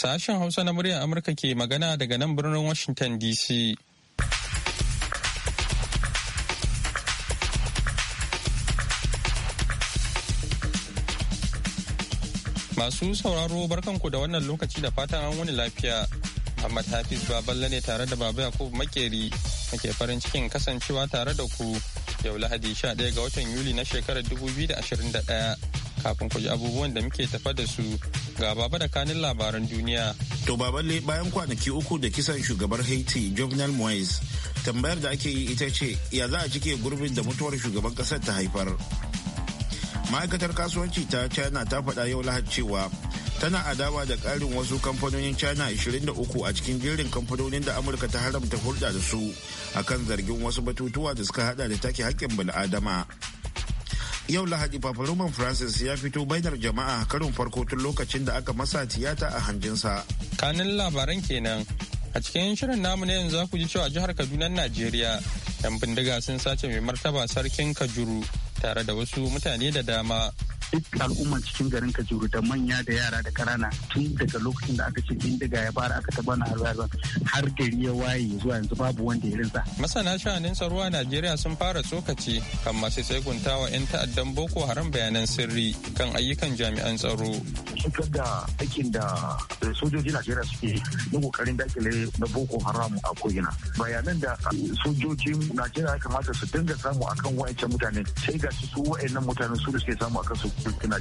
Sashen Hausa na muryar Amurka ke magana daga nan birnin Washington DC. Masu sauraro barkanku da wannan lokaci da fatan an wani lafiya. Ahmad Hafiz Baballe ne tare da Baba Yakubu Makeri muke farin cikin kasancewa tare da ku yau Lahadi 11 ga watan Yuli na shekarar 2021. kafin ku ji abubuwan da muke tafa da su ga baba da kanin labaran duniya. To baballe bayan kwanaki uku da kisan shugabar Haiti Jovenel Moise tambayar da ake yi ita ce ya za a cike gurbin da mutuwar shugaban kasar ta haifar. Ma'aikatar kasuwanci ta China ta faɗa yau lahad cewa tana adawa da ƙarin wasu kamfanonin China 23 a cikin jerin kamfanonin da Amurka ta haramta hulɗa da su akan zargin wasu batutuwa da suka haɗa da take haƙƙin bil'adama. adama. yau lahadi papa roman francis ya fito bainar jama'a karin farko tun lokacin da aka masa tiyata a hanjinsa kanin labaran kenan a cikin shirin namu na yanzu ku ji cewa jihar kaduna najeriya yan bindiga sun sace mai martaba sarkin kajuru tare da wasu mutane da dama duk al'umman cikin garin Kajuru da manya da yara da karana tun daga lokacin da aka ce bindiga ya fara aka taba na harba har gari ya waye zuwa yanzu babu wanda ya rinsa. Masana sha'anin tsaro a Najeriya sun fara tsokaci kan masu guntawa 'yan ta'addan Boko Haram bayanan sirri kan ayyukan jami'an tsaro. Cutar da aikin da sojoji Najeriya suke na kokarin dakile na Boko Haram a ko'ina. Bayanan da sojojin Najeriya ya kamata su dinga samu akan wa'ancan mutane sai ga su wa'annan mutanen su da suke samu akan su suna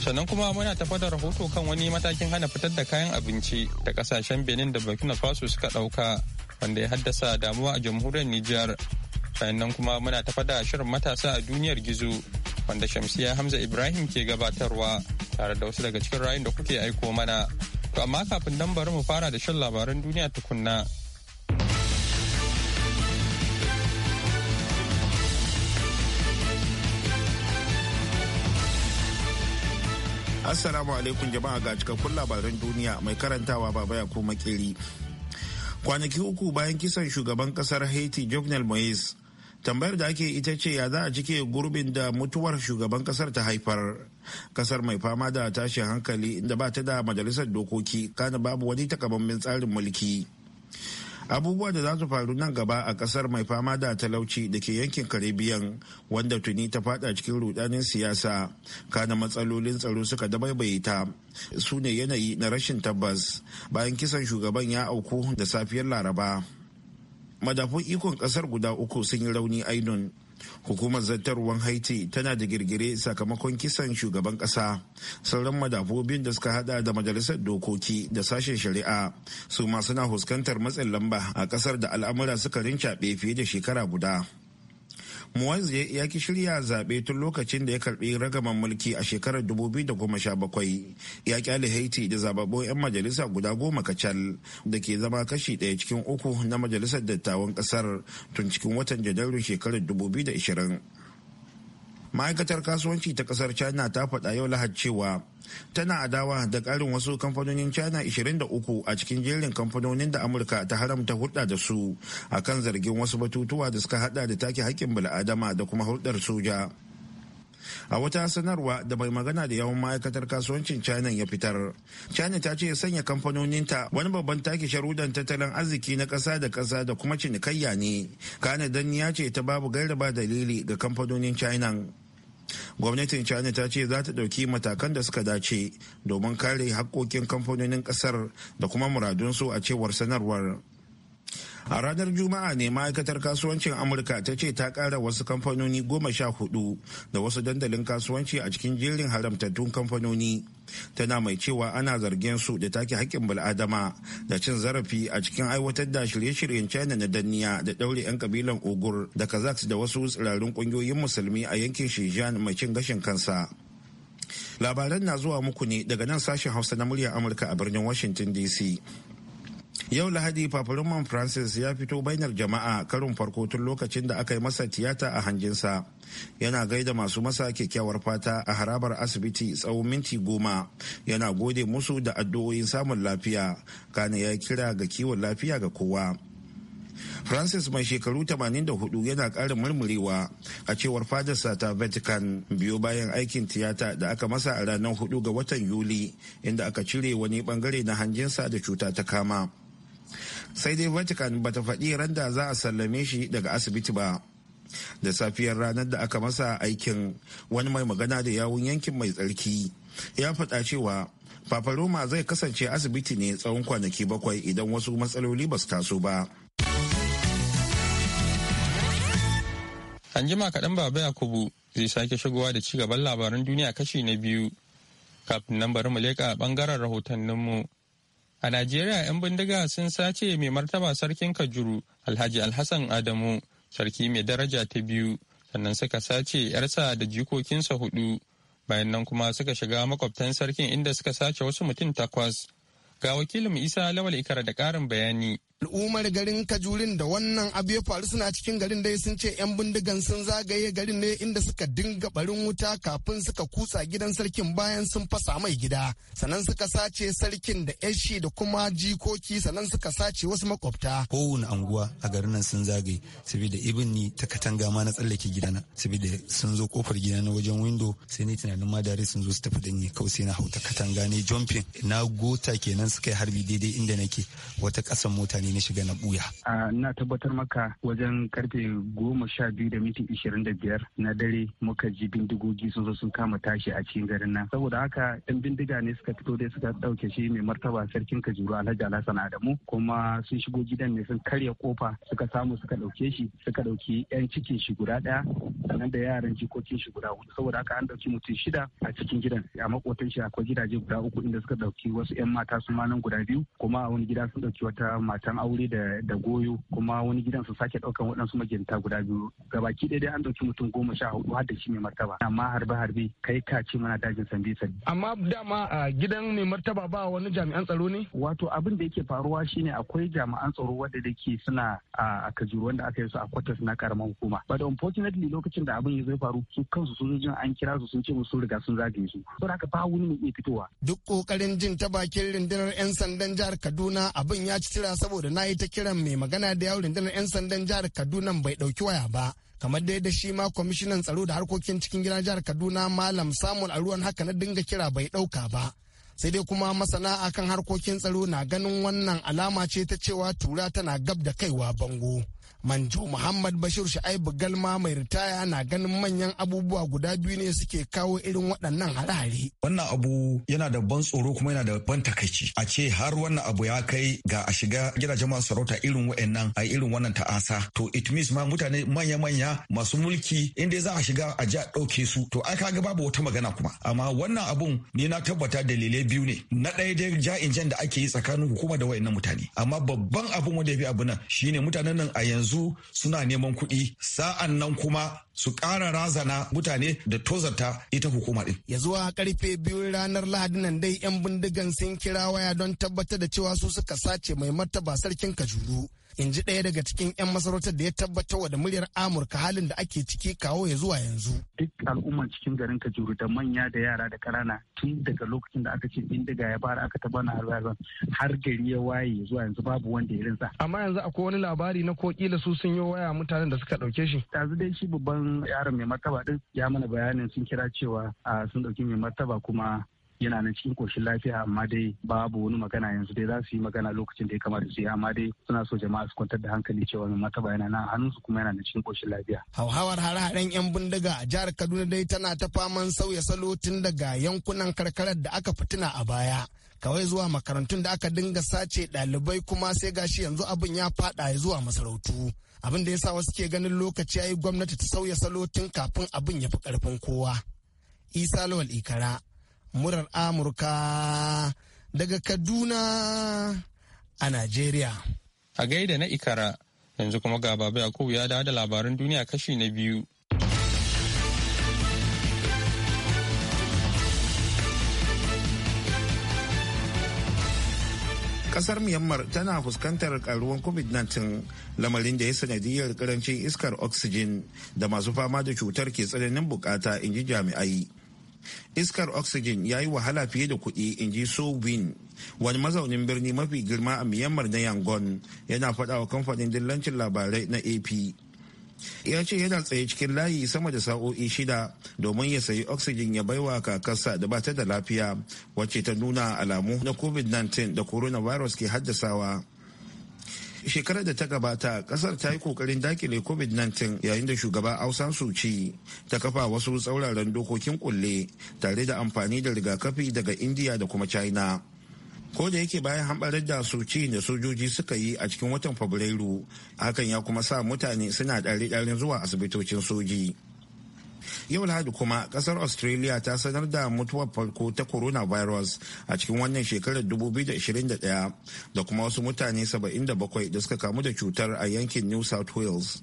sannan kuma muna tafa da rahoto kan wani matakin hana fitar da kayan abinci da kasashen benin da burkina faso suka dauka wanda ya haddasa damuwa a jamhuriyar nijar sannan kuma muna tafa da shirin matasa a duniyar gizo wanda shamsiya hamza ibrahim ke gabatarwa tare da wasu daga cikin rayun da kuke aiko mana to amma kafin nan bari mu fara da shan labaran duniya tukunna Assalamu alaikum jama'a ga cikakkun labaran duniya mai karantawa baba ya kuma makeri. Kwanaki uku bayan kisan shugaban kasar Haiti Jovenel Moise, tambayar da ake ita ce ya za a cike gurbin da mutuwar shugaban kasar ta haifar. Kasar mai fama da tashin hankali inda ba ta da majalisar dokoki kana babu wani takamammen tsarin mulki. abubuwa da za su faru nan gaba a kasar mai fama da talauci da ke yankin karibiyan wanda tuni ta fada cikin rudanin siyasa kana matsalolin tsaro suka dabaibaye ta su ne yanayi na rashin tabbas bayan kisan shugaban ya auku da safiyar laraba madafun ikon kasar guda uku sun yi rauni ainun hukumar zartarwar haiti tana da girgire sakamakon kisan shugaban kasa sauran madafobin da suka hada da majalisar dokoki da sashen shari'a su ma suna fuskantar matsin lamba a kasar da al'amura suka rincaɓe fiye da shekara guda Muaz ya ki shirya zaɓe tun lokacin da ya karɓi ragaman mulki a shekarar 2017 ya kyale Haiti da zababbo 'yan majalisa guda goma kacal da ke zama kashi ɗaya cikin uku na majalisar dattawan ƙasar tun cikin watan Janairun shekarar 2020. ma'aikatar kasuwanci ta kasar china ta faɗa yau lahad cewa tana adawa da karin wasu kamfanonin china 23 a cikin jerin kamfanonin da amurka ta haramta hulɗa da su akan zargin wasu batutuwa da suka hada da take haƙƙin bala'adama da kuma hulɗar soja a wata sanarwa da mai magana da yawan ma'aikatar kasuwancin china ya fitar china ta ce sanya kamfanoninta wani babban taki sharudan tattalin arziki na ƙasa da ƙasa da kuma cinikayya ne kana ya ce ta babu gairaba dalili ga kamfanonin china gwamnatin china ta ce za ta ɗauki matakan da suka dace domin kare haƙƙoƙin kamfanonin ƙasar da kuma muradunsu a cewar sanarwar a ranar juma'a ne ma'aikatar kasuwancin amurka ta ce ta kara wasu kamfanoni goma sha hudu da wasu dandalin kasuwanci a cikin jerin haramtattun kamfanoni tana mai cewa ana zargin su da take hakkin bil'adama da cin zarafi a cikin aiwatar da shirye-shiryen china na danniya da daure 'yan kabilan ogur da kazaks da wasu tsirarun ƙungiyoyin musulmi a yankin shijian mai cin gashin kansa labaran na zuwa muku ne daga nan sashen hausa na muryar amurka a birnin washington dc yau lahadi papaluman francis ya fito bainar jama'a karin farko tun lokacin da aka yi masa tiyata a hanjinsa yana gaida masu masa kyakkyawar fata a harabar asibiti tsawon minti goma yana gode musu da addu'o'in samun lafiya kana ya kira ga kiwon lafiya ga kowa francis mai shekaru 84 yana ƙarin murmurewa a cewar fadarsa ta vatican biyo bayan aikin tiyata da aka masa a ranar 4 ga watan yuli inda aka cire wani bangare na hanjinsa da cuta ta kama sai dai vatican ba ta faɗi randa za a sallame shi daga asibiti ba da safiyar ranar da aka masa aikin wani mai magana da yawun yankin mai tsarki ya faɗa cewa papa roma zai kasance asibiti ne tsawon kwanaki bakwai idan wasu matsaloli ba su taso ba an jima kaɗan baba yakubu zai sake shigowa da ci gaban labaran duniya kashi na biyu kafin nan bari mu leƙa ɓangaren rahotanninmu A Najeriya 'yan bindiga sun sace mai martaba sarkin Kajuru Alhaji Alhassan Adamu sarki mai daraja ta biyu sannan suka sace 'yarsa da jikokinsa hudu bayan nan kuma suka shiga makwabtan sarkin inda suka sace wasu mutum takwas. Ga wakilin Isa Lawal Ikara da ƙarin bayani. al'ummar garin kajurin da wannan abu ya faru suna cikin garin dai sun ce 'yan bindigan sun zagaye garin ne inda suka dinga barin wuta kafin suka kusa gidan sarkin bayan sun fasa mai gida sannan suka sace sarkin da yashi da kuma jikoki sannan suka sace wasu makwabta kowane anguwa a garin nan sun zagaye saboda ibin ni ta katanga ma na tsallake gidana saboda sun zo kofar gidana wajen windo sai ni tunanin ma dare sun zo su tafi da kawai sai na hauta katanga ne jumping na gota kenan suka yi harbi daidai inda nake wata kasan mota ne ne na shiga na buya. na tabbatar maka wajen karfe goma sha biyu da minti ishirin da biyar na dare muka ji bindigogi sun zo sun kama tashi a cikin garin nan saboda haka ɗan bindiga ne suka fito dai suka ɗauke shi mai martaba sarkin kajuru alhaji alhassan adamu kuma sun shigo gidan ne sun karya kofa suka samu suka ɗauke shi suka ɗauki yan cikin shi guda ɗaya sannan da yaran jikokin shi guda hudu saboda haka an ɗauki mutum shida a cikin gidan a makotan shi akwai gidaje guda uku inda suka ɗauki wasu yan mata su ma nan guda biyu kuma a wani gida sun ɗauki wata matan aure da goyo kuma wani gidan su sake daukan waɗansu magidanta guda biyu gabaki ɗaya dai an ɗauki mutum goma sha hudu har da shi mai martaba amma harbe harbe kai ka ce mana dajin sambi amma dama a gidan mai martaba ba wani jami'an tsaro ne. wato abin da yake faruwa shine akwai jami'an tsaro wanda da ke suna a kajuru wanda aka yi su a kwatas na karamar hukuma but unfortunately lokacin da abin ya zai faru su kansu sojojin an kira su sun ce musu riga sun zagaye su saboda haka ba wani mai iya fitowa. duk kokarin jin ta bakin rundunar 'yan sandan jihar kaduna abin ya ci tira saboda na yi ta kiran mai magana da yawon rundunar 'yan sandan jihar kaduna bai dauki waya ba kamar dai da shi ma kwamishinan tsaro da harkokin cikin gidan jihar kaduna malam samun aruwan haka na dinga kira bai dauka ba sai dai kuma masana akan harkokin tsaro na ganin wannan alama ce ta cewa tura tana gab da kaiwa bango. manjo muhammad bashir shu'aibu galma mai ritaya na ganin manyan abubuwa guda biyu ne suke kawo irin waɗannan hare wannan abu yana da ban tsoro kuma yana da ban takaici a ce har wannan abu ya kai ga a shiga gidajen masu sarauta irin waɗannan a irin wannan ta'asa to it means ma mutane manya-manya masu mulki in inda za a shiga a ji a ɗauke su to ai kaga babu wata magana kuma amma wannan abun ni na tabbata dalilai biyu ne na ɗaya dai ja'in jan da ake yi tsakanin hukuma da waɗannan mutane amma babban abun wanda ya fi abu nan shine mutanen nan a yanzu yanzu suna neman kuɗi sa'an nan kuma su kara razana mutane da tozarta ita hukuma din. Ya zuwa karfe biyu ranar Lahadi nan dai 'yan bindigan sun kira waya don tabbatar da cewa su suka sace mai martaba sarkin Kajuru. In ji ɗaya daga cikin 'yan masarautar da ya tabbatar wa da muryar Amurka halin da ake ciki kawo ya zuwa yanzu. Duk al'ummar cikin garin Kajuru da manya da yara da ƙanana tun daga lokacin da aka ce bindiga ya bara aka taɓa na harbazan har gari ya waye zuwa yanzu babu wanda ya rinsa. Amma yanzu akwai wani labari na ko kila su sun yi waya mutanen da suka ɗauke shi. Yanzu dai shi babban yaran yaron mai martaba din ya mana bayanin sun kira cewa sun dauki mai martaba kuma yana nan cikin koshin lafiya amma dai babu wani magana yanzu dai za su yi magana lokacin da ya kamata su yi amma dai suna so jama'a su kwantar da hankali cewa mai martaba yana nan hannunsu kuma yana nan cikin koshin lafiya. hauhawar hare-haren yan bindiga a jihar kaduna dai tana ta faman sauya salo tun daga yankunan karkarar da aka fitina a baya. kawai zuwa makarantun da aka dinga sace ɗalibai kuma sai gashi yanzu abin ya faɗa zuwa masarautu. abin da ya sa wasu ke ganin lokaci ya yi gwamnati ta sauya salotin kafin abin ya fi karfin kowa isa lawal ikara murar amurka daga kaduna a najeriya a gaida na ikara yanzu kuma ga babu ya da labaran duniya kashi na biyu kasar myanmar tana fuskantar karuwan covid-19 lamarin da ya sanadiyar karancin iskar oxygen da masu fama da cutar ke tsananin bukata in ji jami'ai iskar oxygen ya yi wahala fiye da kuɗi in ji so win wani mazaunin birni mafi girma a myanmar na yangon yana faɗawa kamfanin dillancin labarai na ap ya ce yana tsaye cikin layi sama da sa'o'i shida domin ya sayi oxygen ya baiwa kakarsa da bata da lafiya wacce ta nuna alamu na covid-19 da coronavirus ke haddasawa shekarar da ta gabata kasar ta yi kokarin dakile covid-19 yayin da shugaba ausan suci ta kafa wasu tsauraran dokokin kulle tare da amfani da rigakafi daga india da kuma china ko da yake bayan hambarar da soci da sojoji suka yi a cikin watan fabrairu hakan ya kuma sa mutane suna ɗare-ɗaren zuwa asibitocin soji yau lahadi kuma kasar australia ta sanar da mutuwar farko ta coronavirus a cikin wannan shekarar 2021 da kuma wasu mutane 77 da suka kamu da cutar a yankin new south wales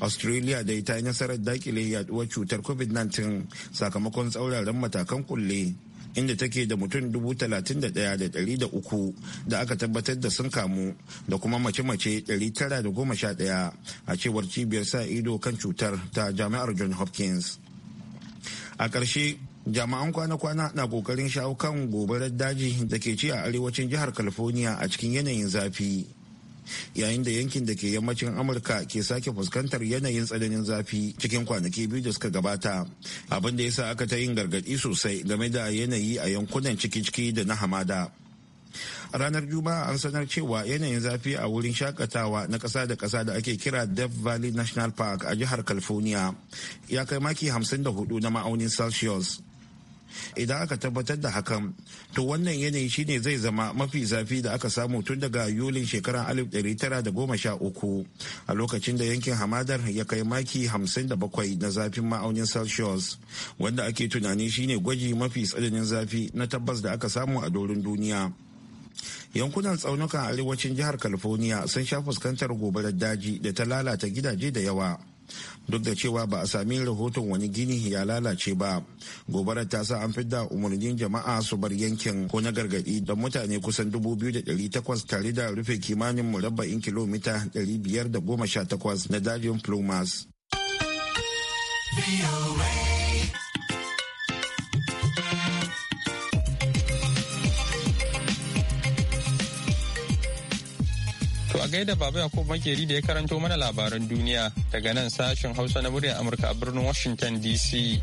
australia dai ta yi nasarar dakile yaduwar cutar covid-19 sakamakon tsauraran matakan kulle inda take da mutum dubu talatin da da da da uku aka tabbatar da sun kamu da kuma mace-mace tara da goma sha 911 a cewar cibiyar sa ido kan cutar ta jami'ar john hopkins a ƙarshe jama'an kwana-kwana na kokarin shawo kan gobarar daji da ke ci a arewacin jihar california a cikin yanayin zafi yayin da yankin da ke yammacin amurka ke sake fuskantar yanayin tsananin zafi cikin kwanaki biyu da suka gabata abin da sa aka ta yin gargaɗi sosai game da yanayi a yankunan ciki-ciki da na hamada ranar juma'a an sanar cewa yanayin zafi a wurin shakatawa na ƙasa da ƙasa da ake kira death valley national park a jihar california ya kai maki 54 na ma'aunin celsius idan aka tabbatar da hakan to wannan yanayi shine zai zama mafi zafi da aka samu tun daga yulin shekarar uku. a lokacin da yankin hamadar ya kai maki hamsin da bakwai na zafin ma'aunin celsius wanda ake tunani shine gwaji mafi tsananin zafi na tabbas da aka samu a doron duniya yankunan tsaunukan arewacin jihar california sun sha fuskantar gobarar daji da ta lalata gidaje da yawa duk da cewa ba a sami rahoton wani gini ya lalace ba gobarar ta sa an fidda umarnin jama'a su bar yankin ko na gargadi da mutane kusan 2,800 tare da rufe kimanin murabba'in kilomita 518 na dajin plumas gaida Baba Yakubu Makeri da ya karanto mana labaran duniya daga nan sashen Hausa na muryar Amurka a birnin Washington DC.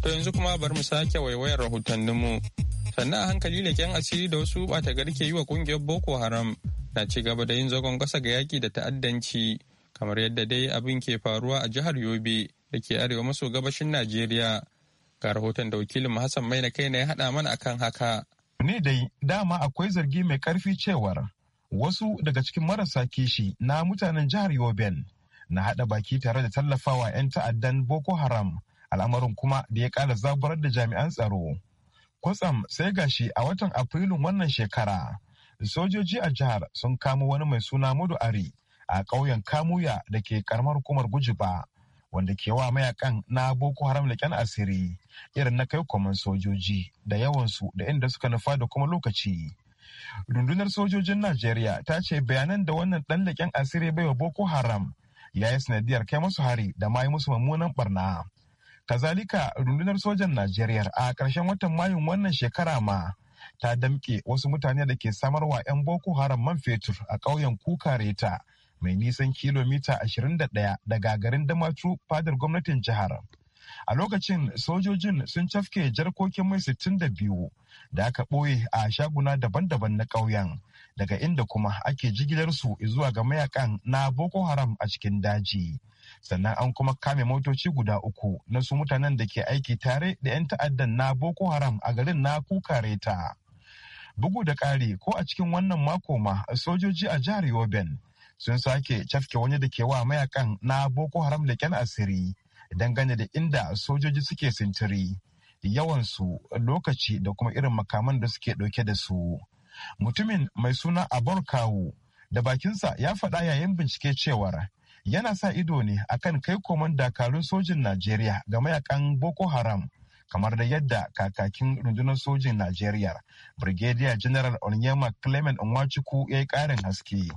To yanzu kuma bari mu sake waiwayar rahotanninmu. Sannan a hankali leƙen asiri da wasu bata gari ke yi wa ƙungiyar Boko Haram na ci gaba da yin zagon ƙasa ga yaƙi da ta'addanci kamar yadda dai abin ke faruwa a jihar Yobe da ke arewa maso gabashin Najeriya. Ga rahoton da wakilin Hassan Mai na kai na ya haɗa mana akan haka. Ni dai dama akwai zargi mai ƙarfi cewar wasu daga cikin marasa kishi na mutanen jihar Yoben na haɗa baki tare da tallafawa 'yan ta'addan Boko Haram al'amarin kuma da ya ƙara zaburar da jami'an tsaro. Kwatsam sai gashi a watan Afrilun wannan shekara. Sojoji a jihar sun kamo wani mai suna Mudu Ari a ƙauyen Kamuya da ke karamar hukumar Gujiba wanda ke wa mayakan na boko haram leƙen asiri irin na kai kwaman sojoji da yawansu da inda suka nufa da kuma lokaci rundunar sojojin najeriya ta ce bayanan da wannan ɗan leƙen asiri bai wa boko haram ya yi sanadiyar kai musu hari da ma yi musu mummunan barna kazalika rundunar sojan najeriya a ƙarshen watan mayun wannan shekara ma ta damƙe wasu mutane da ke samarwa 'yan boko haram man fetur a ƙauyen Reta. mai nisan kilomita 21 daga garin Damaturu fadar gwamnatin jihar. A lokacin sojojin sun cafke jarkokin mai sittin da biyu. Da aka ɓoye a shaguna daban-daban na ƙauyen daga inda kuma ake jigilarsu zuwa ga mayakan na Boko Haram a cikin daji. Sannan an kuma kame motoci guda uku na su mutanen da ke aiki tare da 'yan ta'addan na Boko Haram a garin na Kukareta. Bugu da ƙari ko a cikin wannan mako ma sojoji a jihar Yoben sun sake cafke wani da ke wa mayakan na boko haram da leken asiri dangane da inda sojoji suke sintiri yawansu lokaci da kuma irin makaman da suke dauke da su mutumin mai suna abor kawu da bakinsa ya faɗa yayin bincike cewar yana sa ido ne akan kai komon dakarun sojin najeriya ga mayakan boko haram kamar da yadda kakakin rundunar sojin Najeriya, Brigadier General Onyema Clement Nwachukwu ya yi ƙarin haske.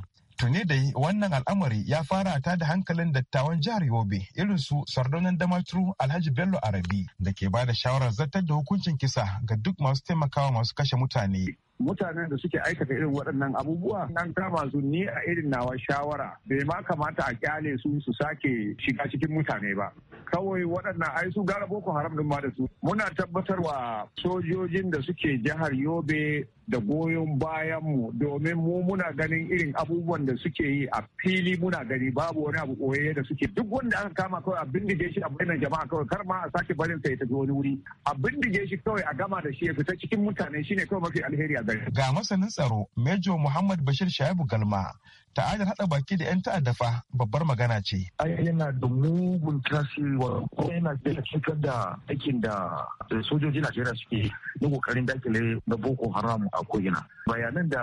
tuni da wannan al'amari ya fara ta da hankalin dattawan jihar yobe irin su sardaunan damaturu alhaji bello arabi da ke ba da shawarar zartar da hukuncin kisa ga duk masu taimakawa masu kashe mutane mutanen da suke aikata irin waɗannan abubuwa nan kama su ni a irin nawa shawara bai ma kamata a kyale su su sake shiga cikin mutane ba kawai waɗannan ai su gara boko haram din ma da su muna tabbatarwa sojojin da suke jihar yobe da goyon bayanmu domin mu muna ganin irin abubuwan da suke yi a fili muna gani babu wani abu koyayye da suke duk wanda aka kama kawai a bindige shi a bainar jama'a kawai kar ma a sake barin sa ya tafi wani wuri a bindige shi kawai a gama da shi ya fita cikin mutane shine kawai mafi alheri a gari ga masanin tsaro Major Muhammad Bashir Shaibu Galma ta'adar hada baki da 'yan ta'adda fa babbar magana ce. yana da mugun tasiri wa kuma yana da cikar da aikin da sojoji Najeriya suke na kokarin dakile na Boko Haram a ko'ina. Bayanan da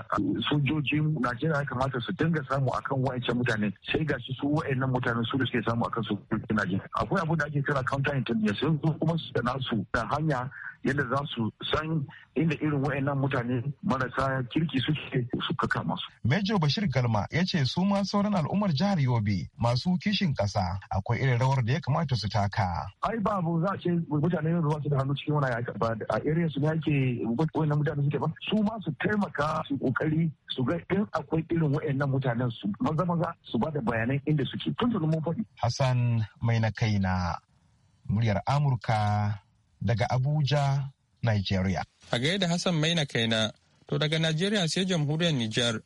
sojojin Najeriya ya kamata su dinga samu akan wa'ancan mutane sai ga su wa'annan mutanen su da suke samu akan sojojin Najeriya. Akwai abu da ake kira counter intelligence kuma su da nasu da hanya yadda za su san inda irin wayannan mutane marasa kirki suke su kaka masu. Major Bashir Galma ya ce su ma sauran al'ummar jihar Yobe masu kishin ƙasa akwai irin rawar da ya kamata su taka. Ai babu za a ce mutane ba su da hannu cikin wani ayyuka. ba a irin su ne ake mutane suke ba su ma su taimaka su kokari su ga in akwai irin wayannan mutanen su maza maza su ba da bayanan inda suke. Tun mun faɗi. Hassan mai na kaina muryar Amurka daga Abuja, Nigeria. A da Hassan Maina kaina, to daga Najeriya sai jamhuriyar Nijar,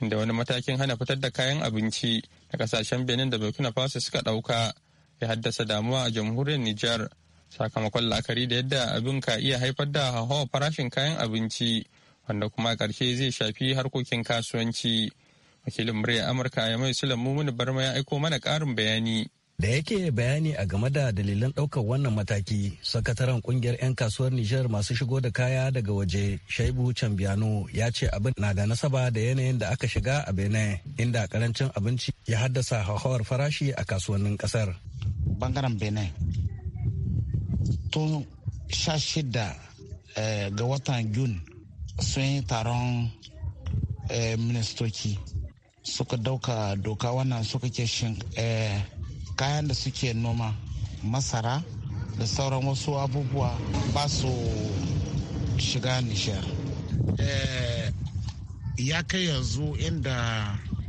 inda wani matakin hana fitar da kayan abinci na kasashen Benin da Burkina Faso suka ɗauka ya haddasa damuwa a jamhuriyar Nijar. Sakamakon la'akari da yadda abin ka iya haifar da hauhawar farashin kayan abinci, wanda kuma ƙarshe zai shafi harkokin kasuwanci. Wakilin murya Amurka ya mai Sulan Mumunu Barma ya aiko mana ƙarin bayani. da yake bayani a game da dalilan ɗaukar wannan mataki sakataren kungiyar 'yan kasuwar nijar masu shigo da kaya daga waje shaibu cambiano ya ce abin na da nasaba da yanayin da aka shiga a benin inda karancin abinci ya haddasa hauhawar farashi a kasuwannin kasar bangaren benin tun sha shida eh, ga watan yun sun yi taron eh, ministoci suka dauka doka wannan suka ke shin eh, kayan da suke noma masara da sauran wasu abubuwa ba su shiga nishiyar eh, ya kai yanzu inda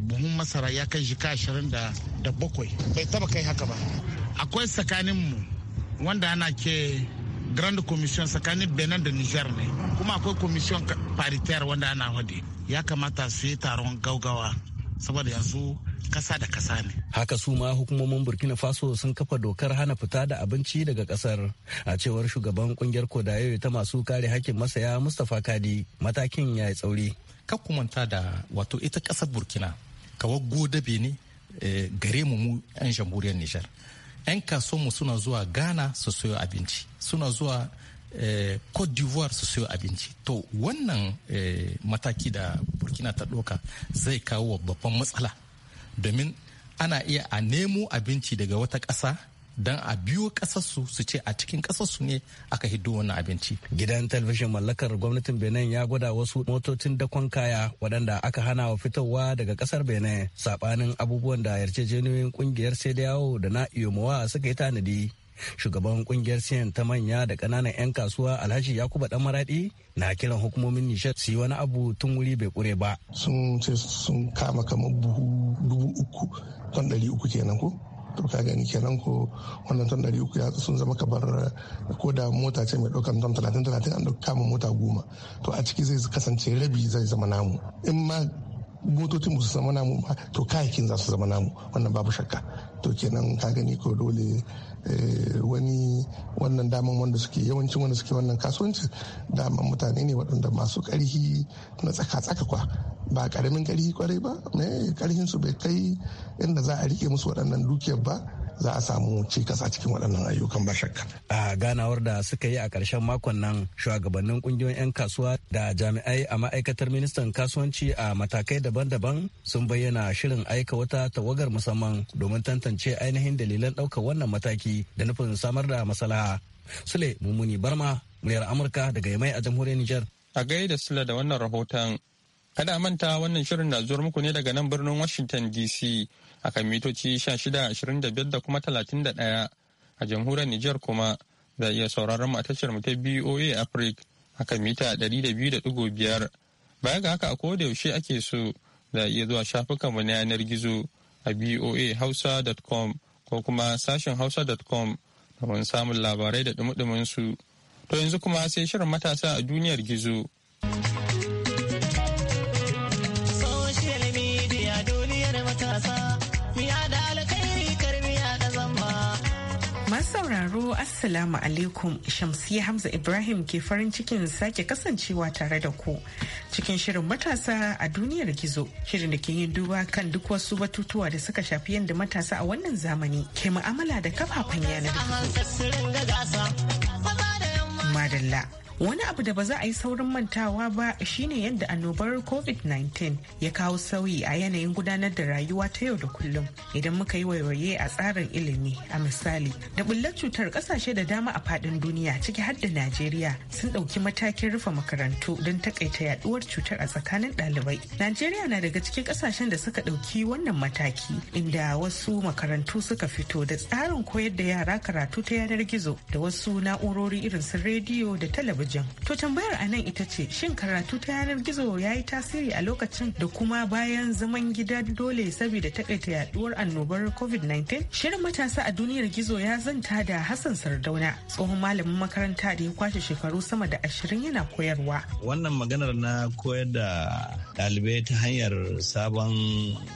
buhun masara ya kai shi ashirin da bakwai bai taba kai haka ba akwai tsakaninmu wanda ana ke grand commission tsakanin benin da niger ne kuma akwai commission paritaire wanda ana wade ya kamata su yi taron gaugawa saboda yanzu kasa da kasa ne. Haka su ma hukumomin Burkina Faso sun kafa dokar hana fita da abinci daga kasar. A cewar shugaban kungiyar Kodayo ta masu kare hakkin masaya Mustapha Kadi matakin ya yi tsauri. kumanta da wato ita kasar Burkina kawo godabe ne eh, gare mu mu 'yan jamhuriyar Nijar. 'Yan mu suna zuwa Ghana su soyo abinci, suna zuwa eh, Cote d'Ivoire su sayo abinci. To wannan eh, mataki da Burkina ta ɗauka zai kawo babban matsala domin ana iya a nemo abinci daga wata ƙasa don a biyo ƙasarsu su ce a cikin ƙasarsu ne aka hiddo wannan abinci. Gidan talabijin mallakar gwamnatin Benin ya gwada wasu motocin dakon kaya waɗanda aka hana wa fitowa daga ƙasar Benin saɓanin abubuwan da yarjejeniyoyin ƙungiyar sai da yawo da na suka yi tanadi shugaban kungiyar siyan ta manya da kananan 'yan kasuwa alhaji yakuba dan maradi na kiran hukumomin nishad su yi wani abu tun wuri bai kure ba sun ce sun kama kamar buhu dubu uku ton ɗari uku kenan ko to ka gani kenan ko wannan ton ɗari uku ya sun zama kabar ko da mota ce mai ɗaukan ton talatin talatin an kama mota goma to a ciki zai kasance rabi zai zama namu in ma motocin su zama namu ba to kayakin za su zama namu wannan babu shakka to kenan ka gani ko dole Eh, wani wannan daman wanda suke yawancin wanda suke wannan kasuwanci daman mutane ne waɗanda masu ƙarhi na tsaka-tsaka kwa ba ƙaramin ƙarhi kwarai ba mai ƙarhin su bai kai inda za a rike musu waɗannan dukiyar ba za a samu cikas a cikin waɗannan ayyukan ba shakka. A ganawar da suka yi a ƙarshen makon nan shugabannin ƙungiyoyin 'yan kasuwa da jami'ai a ma'aikatar ministan kasuwanci a matakai daban-daban sun bayyana shirin aika wata tawagar musamman domin tantance ainihin dalilan ɗaukar wannan mataki da nufin samar da masalaha. Sule Mumuni Barma, muryar Amurka daga Yamai a jamhuriyar Nijar. A gaida Sule da wannan rahoton Kada manta wannan shirin na zuwa muku ne daga nan birnin Washington DC a kan mitoci 1625 da kuma 31 a jamhuriyar Nijar kuma za a iya sauraron a tashar ta BOA Africa a kan mita 200.5 baya ga haka a koda yaushe ake so za a iya zuwa shafukanmu na yanar gizo a boa Hausa.com ko kuma sashen hausa.com domin samun labarai da dumudumin su to yanzu kuma sai shirin matasa a duniyar gizo. sauraro Assalamu alaikum Shamsiyya Hamza Ibrahim ke farin cikin sake kasancewa tare da ku cikin shirin matasa a duniyar gizo shirin da ke yin duba kan duk wasu batutuwa da suka shafi yadda matasa a wannan zamani ke mu'amala da kafafen yanar gizo. Wani abu da ba za a yi saurin mantawa ba shine yadda annobar COVID-19 ya kawo sauyi a yanayin gudanar da rayuwa ta yau da kullum idan muka yi waiwaye a tsarin ilimi a misali da bullar cutar kasashe da dama a faɗin duniya ciki har da Najeriya sun ɗauki matakin rufe makarantu don takaita yaduwar cutar a tsakanin ɗalibai. Najeriya na daga cikin kasashen da suka ɗauki wannan mataki inda wasu makarantu suka fito da tsarin koyar da yara karatu ta yanar gizo da wasu na'urori irin su rediyo da talabijin wajen to tambayar a nan ita ce shin karatu ta yanar gizo ya yi tasiri a lokacin da kuma bayan zaman gida dole saboda takaita yaduwar annobar covid-19 shirin matasa a duniyar gizo ya zanta da hassan sardauna tsohon malamin makaranta da ya kwashe shekaru sama da ashirin yana koyarwa wannan maganar na koyar da dalibai ta hanyar sabon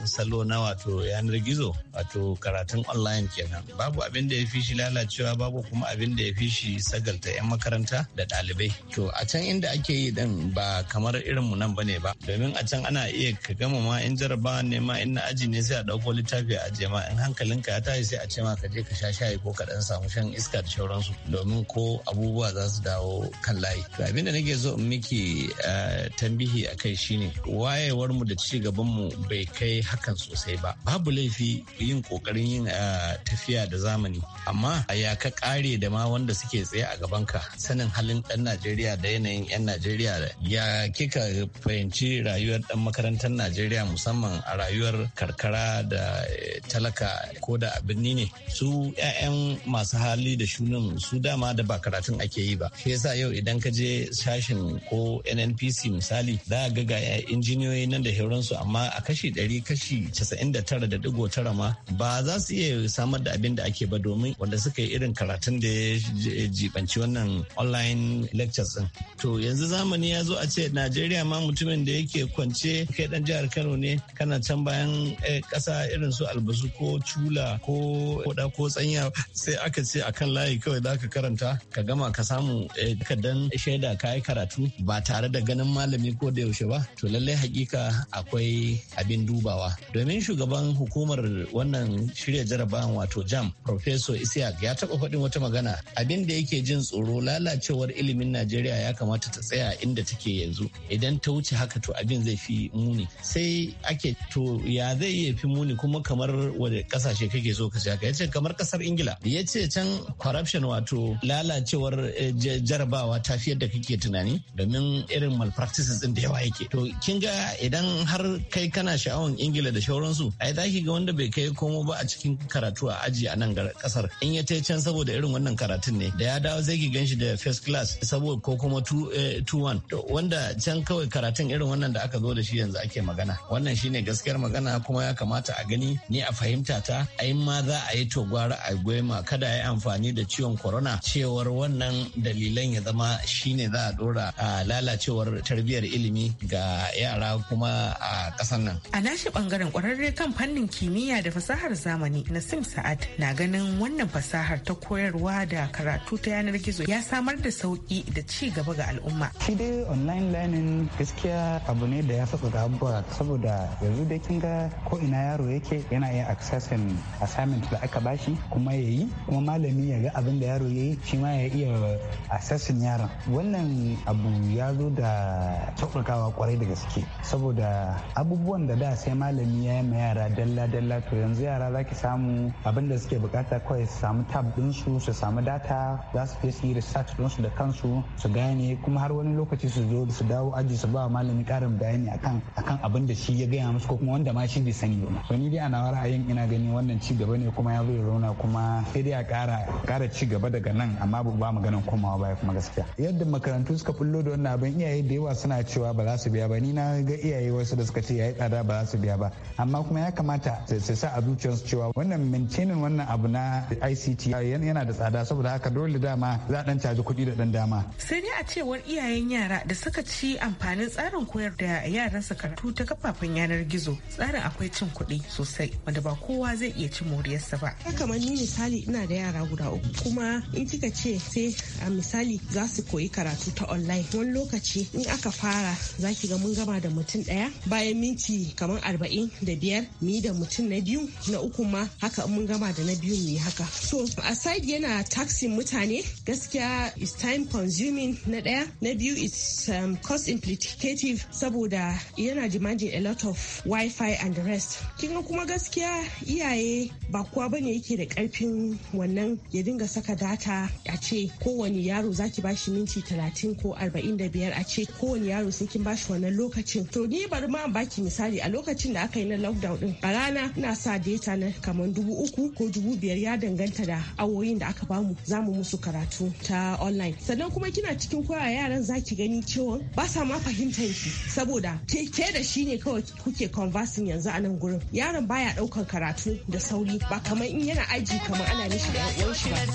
salo na wato yanar gizo wato karatun online kenan babu abin da ya fi shi lalacewa babu kuma abin da ya fi shi sagalta 'yan makaranta da ɗalibai to a can inda ake yi din ba kamar irin mu nan bane ba domin a can ana iya ka gama ma in jaraba ne ma in na aji ne sai a ɗauko littafi a ajiye ma in hankalinka ya tashi sai a ce ma ka je ka sha shayi ko ka ɗan samu shan iska da sauransu domin ko abubuwa za su dawo kan layi to da nake so in miki eh, tambihi a kai shine wayewar mu da ci gaban mu bai kai hakan sosai ba babu laifi yin kokarin yin eh, tafiya da zamani amma ya ka kare da ma wanda suke tsaye a gaban ka sanin halin ɗan Najeriya da yanayin 'yan Najeriya ya kika fahimci rayuwar ɗan makarantar Najeriya musamman a rayuwar karkara da eh, talaka ko da birni ne su 'ya'yan masu hali da shunin su dama da ba karatun ake yi ba shi yasa yau idan ka je sashen ko nnpc misali za ga ga injiniyoyi nan da su amma a kashi 100 kashi da digo tara ma ba za su iya samar da abin da ake ba domin wanda suka yi irin karatun da ya jibanci wannan online lectures din to yanzu zamani ya zo a ce najeriya ma mutumin da yake kwance kai dan jihar kano ne kana can bayan kasa eh, irin su albasu ko cula ko koda ko tsanya sai aka ce akan layi kawai za ka karanta ka gama ka samu eh, kadan shaida ka yi karatu ba tare da ganin malami ko da yaushe ba to lallai hakika akwai abin dubawa domin shugaban hukumar wannan shirya jarabawan wato jam professor isiyak ya taba faɗin wata magana abin da yake jin tsoro lalacewar ilimin ƙaramin najeriya ya kamata ta tsaya inda take yanzu idan ta wuce haka to abin zai fi muni sai ake to ya zai iya fi muni kuma kamar wadda kasashe kake so ka shaka yace kamar kasar ingila ya ce can corruption wato lalacewar eh, jarabawa ta fi da kake tunani domin irin malpractices din da yawa yake to kin ga idan har kai kana sha'awar ingila da shauransu ai zaki ga wanda bai kai komo ba a cikin karatu a aji a nan kasar in ya ta can saboda irin wannan karatun ne da ya dawo zai ki ganshi da first class saboda ko kuma 2-1 eh, wanda can kawai karatun irin wannan da aka zo da shi yanzu ake magana wannan shine gaskiyar magana kuma ya kamata a gani ni a fahimta ta a ma za a yi togwara a gwema kada ya yi amfani da ciwon corona cewar wannan dalilan ya zama shine za a dora a lalacewar tarbiyyar ilimi ga yara kuma a kasan nan a nashi bangaren kwararre kan fannin kimiyya da fasahar zamani na sim sa'ad na ganin wannan fasahar ta koyarwa da karatu ta yanar gizo ya samar da sauki da ci gaba ga al'umma. Shi dai online learning gaskiya abu ne da ya sauƙaƙa abubuwa saboda yanzu dai kin ga ko ina yaro yake yana yin accessing assignment da aka bashi kuma ya yi kuma malami ya ga abin da yaro ya yi shi ma ya iya accessing yaron. Wannan abu ya zo da sauƙaƙawa kwarai da gaske saboda abubuwan da da sai malami ya yi ma yara dalla-dalla to yanzu yara za ki samu abin da suke bukata kawai su samu tab ɗinsu su samu data za su fesi yi research ɗinsu da kansu su gane kuma har wani lokaci su zo su dawo aji su ba malami karin bayani akan akan abin da shi ya gaya musu ko kuma wanda ma shi bai sani ba to ni dai a nawa ra'ayin ina gani wannan ci gaba ne kuma ya zo rauna kuma sai dai a kara kara ci gaba daga nan amma ba maganan komawa ba kuma gaskiya yadda makarantu suka fullo da wannan abin iyaye da yawa suna cewa ba za su biya ba ni na ga iyaye wasu da suka ce yayi tsada ba za su biya ba amma kuma ya kamata su sa a zuciyarsu cewa wannan maintaining wannan abu na ICT yana da tsada saboda haka dole dama za a dan caji kuɗi da dan dama Sai dai a cewar iyayen yara da suka ci amfanin tsarin koyar da yaransa karatu ta kafafen yanar gizo tsarin akwai cin kuɗi sosai wanda ba kowa zai iya ci moriyarsa ba. Kamar ni misali ina da yara guda uku kuma in kika ce sai a misali za su koyi karatu ta online wani lokaci in aka fara za ki ga mun gama da mutum ɗaya bayan minti kamar arba'in da biyar mu da mutum na biyu na uku ma haka mun gama da na biyu mu yi haka. So aside yana taxin mutane gaskiya is time consuming consuming na daya na biyu it's um, cost implicative saboda yana demanding a lot of wifi and the rest kinga kuma gaskiya iyaye ba kowa bane yake da karfin wannan ya dinga saka data a ce kowane yaro zaki bashi minti 30 ko 45 a ce kowane yaro sai kin bashi wannan lokacin to ni bari ma baki misali a lokacin da aka yi na lockdown din a rana ina sa data na kamar dubu uku ko dubu biyar ya danganta da awoyin da aka bamu zamu musu karatu ta online sannan kuma kina cikin koya yaran zaki gani cewa ba sa ma fahimtar ki saboda keke da shi ne kawai kuke conversing yanzu a nan gurin yaron baya daukan karatu da sauri ba kamar in yana aji kamar ana nishi da uwan shi ba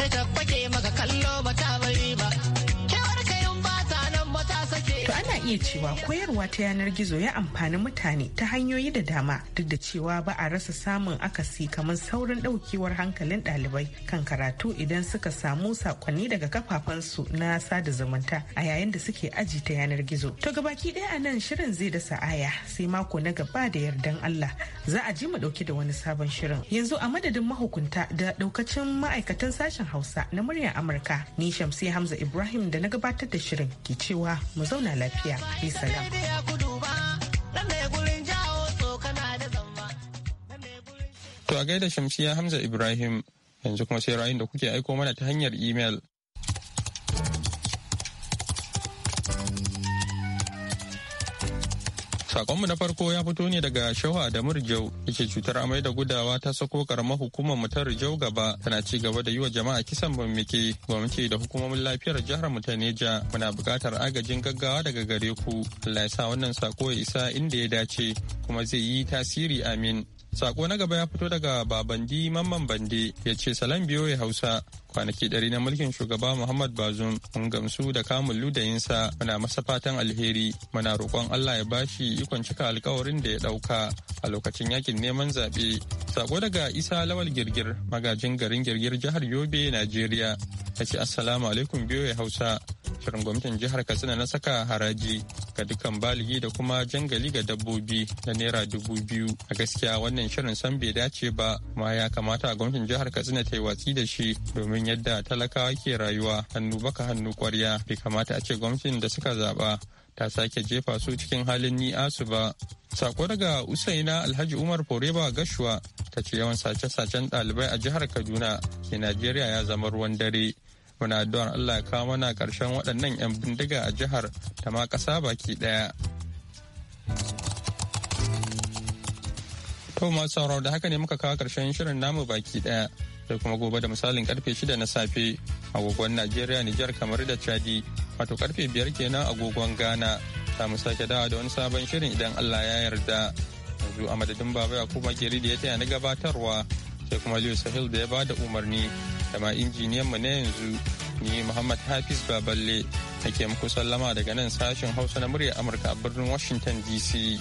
sai ta kwake maka kallo ba ta bari ba iya cewa koyarwa ta yanar gizo ya amfani mutane ta hanyoyi da dama duk da cewa ba a rasa samun akasi kamar saurin daukewar hankalin ɗalibai kan karatu idan suka samu sakonni daga kafafen su na sada zumunta a yayin da suke aji ta yanar gizo. To gabaki ɗaya a nan shirin zai da sa'aya sai mako na gaba da yardan Allah za a ji mu ɗauki da wani sabon shirin. Yanzu a madadin mahukunta da ɗaukacin ma'aikatan sashen Hausa na muryar Amurka ni Shamsi Hamza Ibrahim da na gabatar da shirin ke cewa mu zauna lafiya. lafiya. salam. To a gaida Shamsiya Hamza Ibrahim yanzu kuma sai rayun da kuke aiko mana ta hanyar imel. Sakonmu na farko ya fito ne daga Shawa da Murjau, da cutar amai da gudawa ta sako karamar hukumar mu ta Rijau gaba tana ci gaba da yi wa jama'a kisan bambike gwamnati da hukumomin lafiyar jihar mu ta Neja muna buƙatar agajin gaggawa daga gare ku. Allah ya sa wannan sako ya isa inda ya dace kuma zai yi tasiri amin. Sako na gaba ya fito daga Babandi Mamman Bande ya ce salam biyo ya Hausa kwanaki ɗari na mulkin shugaba muhammad bazum mun gamsu da kamun ludayinsa muna masa fatan alheri muna roƙon allah ya bashi ikon cika alkawarin da ya ɗauka a lokacin yakin neman zaɓe sako daga isa lawal girgir magajin garin girgir jihar yobe najeriya ya ce assalamu alaikum biyo hausa shirin gwamnatin jihar katsina na saka haraji ga dukkan baligi da kuma jangali ga dabbobi da naira dubu biyu a gaskiya wannan shirin san bai dace ba ma ya kamata gwamnatin jihar katsina ta yi watsi da shi domin yadda talakawa ke rayuwa hannu baka hannu kwarya bai kamata a ce gwamnatin da suka zaba ta sake jefa su cikin halin ni'asu ba. Sako daga Usaina Alhaji Umar Foreba Gashuwa ta ce yawan sace-sacen ɗalibai a jihar Kaduna ke Najeriya ya zama ruwan dare. Muna addu'ar Allah ya kawo mana karshen waɗannan 'yan bindiga a jihar da ma ƙasa baki ɗaya. To masu sauraro da haka ne muka kawo ƙarshen shirin namu baki ɗaya. sai kuma gobe da misalin karfe shida na safe agogon Najeriya Nijar kamar da Chadi wato karfe biyar kenan agogon Ghana ta mu sake dawa da wani sabon shirin idan Allah ya yarda yanzu a madadin baba ya kuma geri da ya taya na gabatarwa sai kuma Leo Sahil da ya ba da umarni da ma injiniyan mu na yanzu ni Muhammad Hafiz Baballe nake muku sallama daga nan sashen Hausa na murya Amurka a birnin Washington DC.